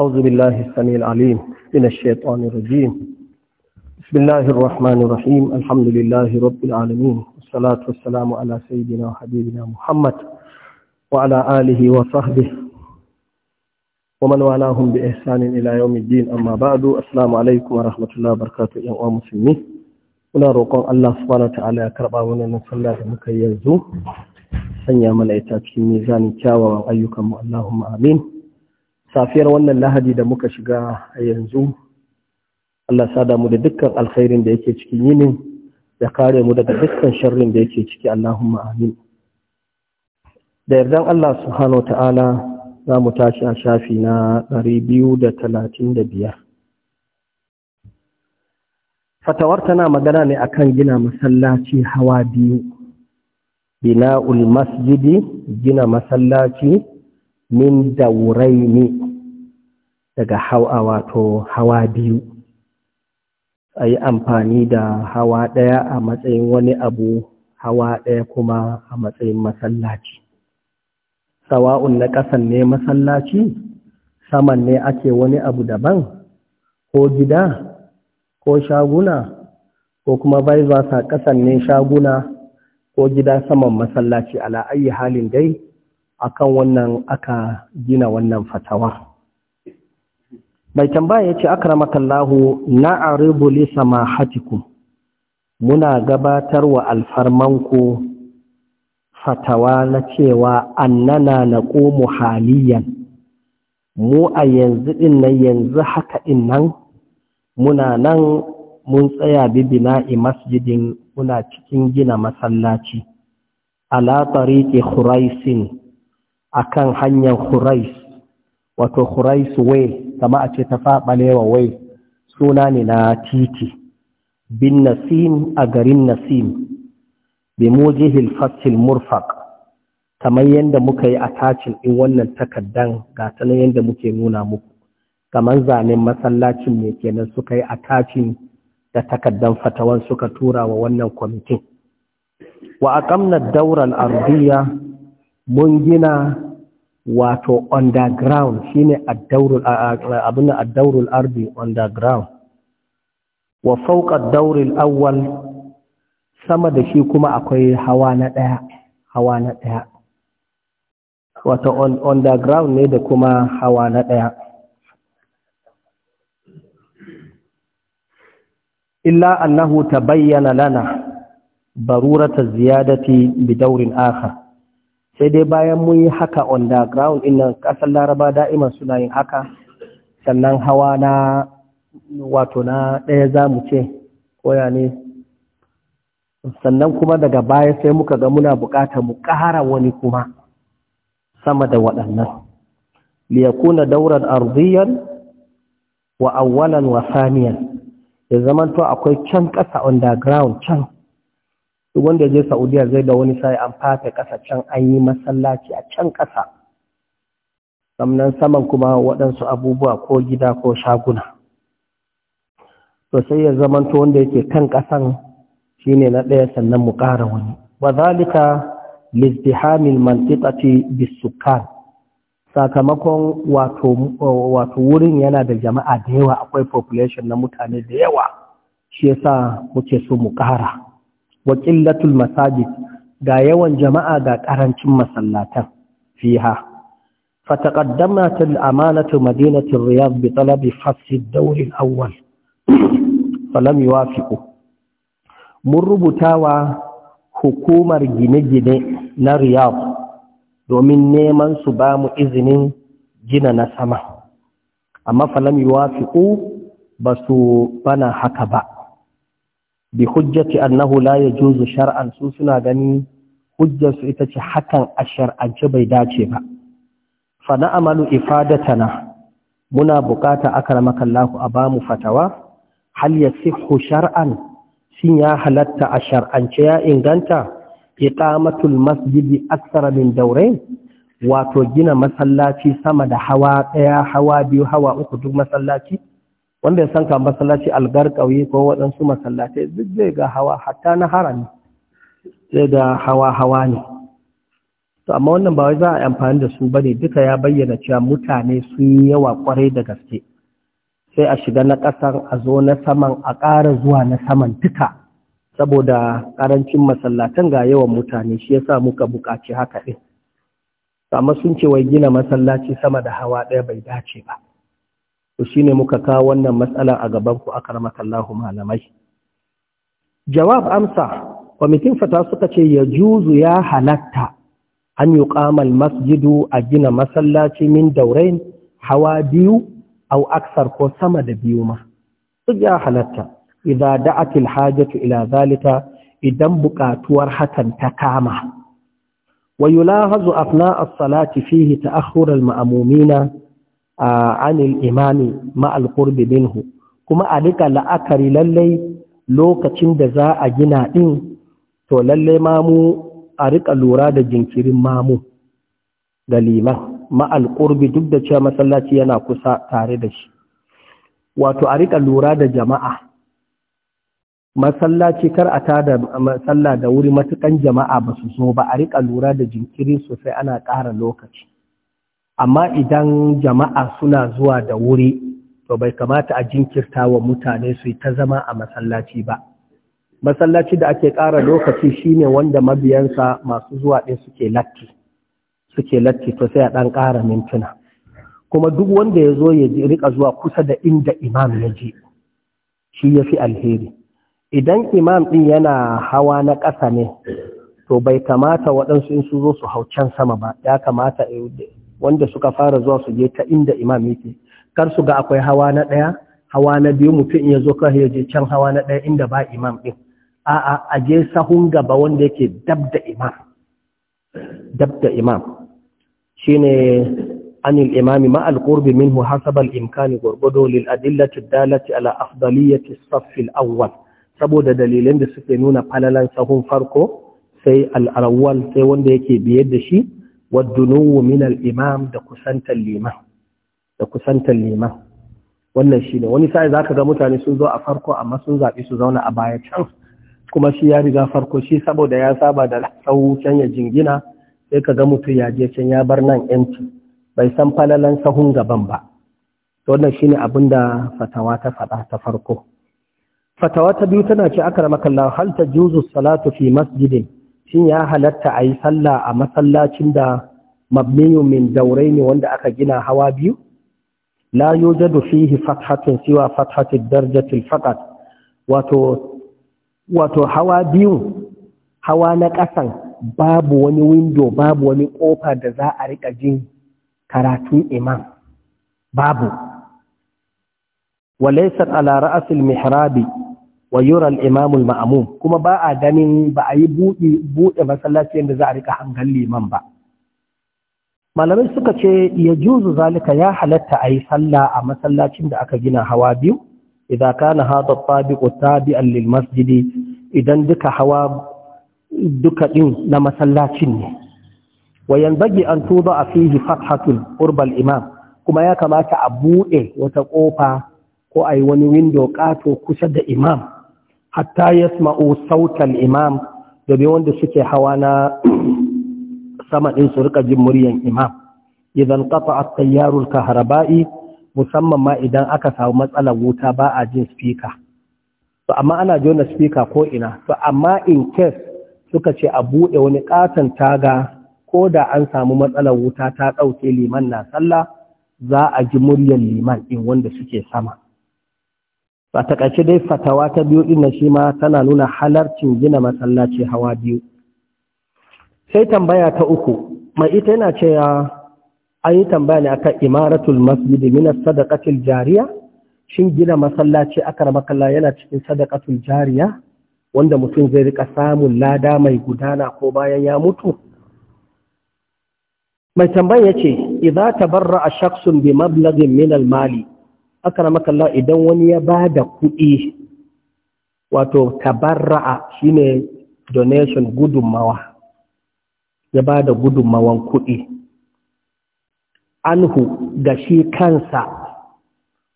أعوذ بالله السميع العليم من الشيطان الرجيم بسم الله الرحمن الرحيم الحمد لله رب العالمين والصلاة والسلام على سيدنا وحبيبنا محمد وعلى آله وصحبه ومن والاهم بإحسان إلى يوم الدين أما بعد السلام عليكم ورحمة الله وبركاته يا مسلمين muna roƙon Allah subhanahu ta'ala ya karɓa wannan sallah da muka yanzu sanya mana ita cikin mizanin kyawawan ayyukanmu Allahumma amin safiyar wannan lahadi da muka shiga a yanzu Allah sada mu da dukkan alkhairin da yake cikin yinin ya kare mu daga dukkan sharrin da yake ciki Allahumma amin da yardan Allah subhanahu ta'ala za mu tashi a shafi na 235 fatawar tana magana ne akan gina masallaci hawa biyu bina'ul masjidi gina masallaci min daurai ne daga hawa wato hawa biyu a yi amfani da hawa ɗaya a matsayin wani abu hawa ɗaya kuma a matsayin masallaci sawa'un na ƙasan ne masallaci saman ne ake wani abu daban ko gida ko shaguna ko kuma bai sa ƙasan ne shaguna ko gida saman masallaci ala ayi halin dai akan wannan aka gina wannan fatawa mai tambaya yace akramakallahu na'ridu li samahatikum muna gabatar gabatarwa alfarmanku fatawa na cewa annana naqumu haliyan mu a yanzu din nan yanzu haka din nan muna nan mun tsaya bibina'i masjidin muna cikin gina masallaci ala tariqi khuraisin akan hanyar Hurais wato Hurais way kama a ce ta faɓalewa way suna ne na titi bin Nasim a garin Nasim bi mujihil fasil murfaq kamar yadda muka yi a attachin ɗin wannan takardan ga ta yadda muke nuna muku kamar zanen masallacin ne kenan suka yi a attachin da takardan fatawan suka tura wa wannan kwamitin wa aqamna ad-dawra al-ardiyya mun gina wato underground shine addaurul abin addaurul ardi underground wa fawqa daurin awwal sama da shi kuma akwai hawa na ɗaya, hawa na ɗaya. wato underground ne da kuma hawa na ɗaya. illa annahu bayyana lana barurata ziyadati bidaurin daurin akhar sai dai bayan mun yi haka on the ground ina ƙasar laraba da'iman suna yin haka sannan hawa na wato na ɗaya za mu ce koya ne sannan kuma daga baya sai muka ga muna buƙatar mu ƙara wani kuma sama da waɗannan liyakuna dauran arziyan wa awwalan wa saniyan ya zamanto akwai can ƙasa on the ground can duk wanda je saudiya zai da wani sai an fata ƙasa can an yi masallaci a can ƙasa sannan saman kuma waɗansu abubuwa ko gida ko shaguna Sosai sai ya to wanda yake kan ƙasan shine na ɗaya sannan mu ƙara wani wa zalika lizdihamil mantiqati sakamakon wato wurin yana da jama'a da yawa akwai population na mutane da yawa shi yasa muke so mu ƙara wa qillatul masajid ga yawan jama'a ga karancin masallatan fiha fataqaddamat al-amanatu madinatu riyadh bi talabi fath da wurin al-awwal falam yuwafiqu mun rubutawa hukumar gine-gine na riyadh domin neman su bamu izinin gina na sama amma falam yuwafiqu ba su bana haka ba bi hujjati annahu la yajuzu shar'an su suna gani hujjar su ita ce hakan a shar'ance bai dace ba fa na amalu ifadatana muna bukata akramakallahu a bamu fatawa hal yasihhu shar'an shin ya halatta a shar'ance ya inganta iqamatul masjidi aksara min daurain wato gina masallaci sama da hawa ɗaya hawa biyu hawa uku duk masallaci wanda ya sanka masallaci algar ƙauye ko wadansu masallatai duk zai ga hawa hatta na harami zai ga hawa-hawa ne to amma wannan ba wai za a amfani da su ba ne duka ya bayyana cewa mutane sun yi yawa kwarai da gaske sai a shiga na ƙasan a zo na saman a ƙara zuwa na saman duka saboda ƙarancin masallatan ga yawan mutane shi yasa muka buƙaci haka ɗin amma sun ce wai gina masallaci sama da hawa ɗaya bai dace ba to shine muka kawo wannan matsala a aka ku akramakallahu malamai jawab amsa kwamitin fata suka ce ya juzu ya halatta an yi kamal masjidu a gina masallaci min daurain hawa biyu au aksar ko sama da biyu ma duk ya halatta idan da'atil hajatu ila zalika idan buƙatuwar hakan ta kama wa yulahazu afna as-salati fihi ta'akhkhur al-ma'mumina anil imami ma'al qurbi minhu kuma a duka la'akari lallai lokacin da za a gina din to lallai mamu a riƙa lura da jinkirin mamu da liman ma'al duk da cewa masallaci yana kusa tare da shi wato a rika lura da jama'a masallaci kar a tada sallah da wuri matukan jama'a ba su zo ba a rika lura da jinkirin sosai ana ƙara lokaci amma idan jama'a suna zuwa da wuri to bai kamata a jinkirta wa mutane su yi ta zama a masallaci ba masallaci da ake ƙara lokaci shine wanda mabiyansa masu zuwa ɗin suke latti suke latti to sai a ɗan ƙara mintuna kuma duk wanda ya zo ya rika zuwa kusa da inda imam ya je shi ya fi alheri idan imam ɗin yana hawa na ƙasa ne to bai kamata waɗansu in su zo su hau can sama ba ya kamata wanda suka fara zuwa su je ta inda imam yake kar su ga akwai hawa na ɗaya hawa na biyu mutum ya zo kan ya je can hawa na ɗaya inda ba imam ɗin a'a a je sahun gaba wanda yake dab da imam dab da imam shine anil imami ma alqurbi minhu hasab al-imkani gurgudu lil adillati dalati ala afdaliyati saff al-awwal saboda dalilan da suke nuna falalan sahun farko sai al sai wanda yake biye da shi waddunuwu min imam da kusantar liman da kusantar liman wannan shine wani sai zaka ga mutane sun zo a farko amma sun zabi su zauna a baya can kuma shi ya riga farko shi saboda ya saba da tsawo can ya jingina sai ka ga mutum ya je can ya bar nan yanci bai san falalan sahun gaban ba wannan shine abin da fatawa ta faɗa ta farko fatawa ta biyu tana ce akramaka Allah hal tajuzu salatu fi masjidin shin ya halatta a yi sallah a masallacin da mabniyu min daurai ne wanda aka gina hawa biyu la yujadu fihi fathatun siwa fathatid darjatil faqat wato wato hawa biyu hawa na ƙasan babu wani windo babu wani ƙofa da za a riƙa jin karatun imam babu walaisar ala ra'asil mihrabi wa yura al-imam mamum kuma ba a ganin ba a yi buɗe buɗe masallaci yadda za a rika hangal liman ba malamai suka ce ya juzu zalika ya halatta a yi sallah a masallacin da aka gina hawa biyu idan kana hada tabiqu tabi'an lil masjidi idan duka hawa duka din na masallacin ne wa yanbaghi an tuba fihi fathatun qurba al-imam kuma ya kamata a buɗe wata kofa ko a yi wani window ƙato kusa da imam hatta yasma'u sautal imam domin wanda suke hawa na sama ɗin su rika jin muryan imam idan kafa a tayyarul kaharaba'i musamman ma idan aka samu matsalar wuta ba a jin spika to amma ana jona spika ko ina to amma in case suka ce a buɗe wani ƙaton taga ko da an samu matsalar wuta ta ɗauke liman na sallah za a ji muryar liman ɗin wanda suke sama a takaice dai fatawa ta biyu din shi ma tana nuna halarcin gina masallaci hawa biyu sai tambaya ta uku mai ita yana cewa an yi tambaya ne akan imaratul masjid min sadaqatil jariya shin gina masallaci raba makalla yana cikin sadaqatul jariya wanda mutum zai rika samun lada mai gudana ko bayan ya mutu mai tambayar yace idza tabarra shakhsun bi mablaghin min al mali akramakallah idan wani ya ba da kuɗi wato tabarra'a shine donation gudunmawa, ya ba da gudunmawan kuɗi anhu ga shi kansa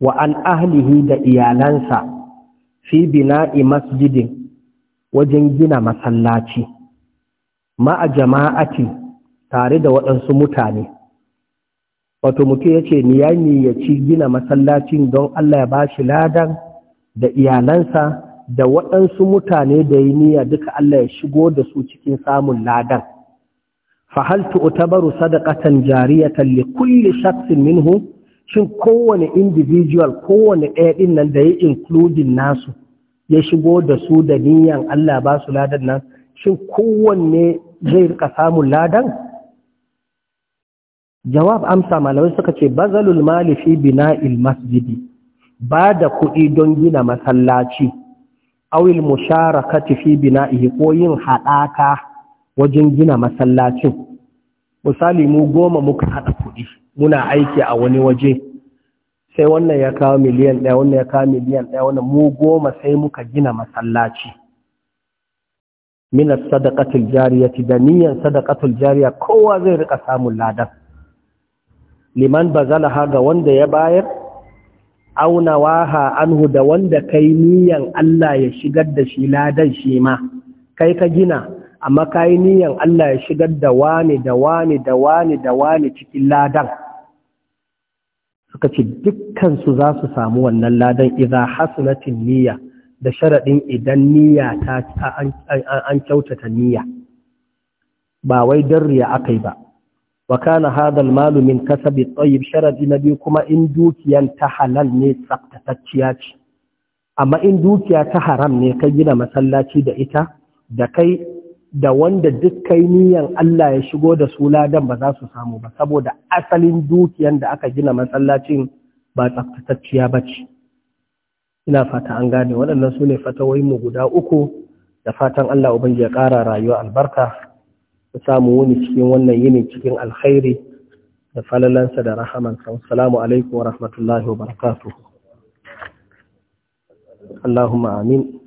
wa an ahlihi da iyalansa fi bina'i masjidin wajen gina masallaci ma'a jama'ati tare da waɗansu mutane wato mutum ya ce ni ya ci gina masallacin don Allah ya bashi ladan da iyalansa da waɗansu mutane da yi niyya duka Allah ya shigo da su cikin samun ladan fahaltu utabaru sadaqatan jariyatan li kulli shaksin minhu shin kowane individual kowane ɗaya ɗin nan da ya including nasu ya shigo da su da niyyan Allah ba su ladan nan shin kowanne zai rika samun ladan jawab amsa malamai suka ce bazalul mali fi bina'il masjidi ba da kuɗi don gina masallaci awil musharakati fi bina'ihi ko yin haɗaka wajen gina masallacin misali mu goma muka haɗa kuɗi muna aiki a wani waje sai wannan ya kawo miliyan ɗaya wannan ya kawo miliyan ɗaya wannan mu goma sai muka gina masallaci minas sadaqatul jariyati da niyan sadaqatul jariya kowa zai riƙa samun ladan liman bazalaha ga wanda ya bayar auna waha anhu da wanda kai niyan Allah ya shigar da shi ladan shi ma kai ka gina amma kai niyan Allah ya shigar da wani da wani da wani da wani cikin ladan suka ce dukkan su za su samu wannan ladan idza hasanatin niyya da sharaɗin idan niyya ta an kyautata niyya ba wai dariya riya aka ba wa kana hadal malu min kasabi tsayib sharadi na biyu kuma in dukiyan ta halal ne tsaftatacciya ce amma in dukiya ta haram ne kai gina masallaci da ita da kai da wanda duk kai niyan Allah ya shigo da su ladan ba za su samu ba saboda asalin dukiyan da aka gina masallacin ba tsaftatacciya ba ce ina fata an gane waɗannan su ne fatawoyinmu guda uku da fatan Allah ubangiji ya ƙara rayuwa albarka ka samu wuni cikin wannan yini cikin alkhairi da falalansa da rahamansa assalamu alaikum wa rahmatullahi wa barakatuh اللهم amin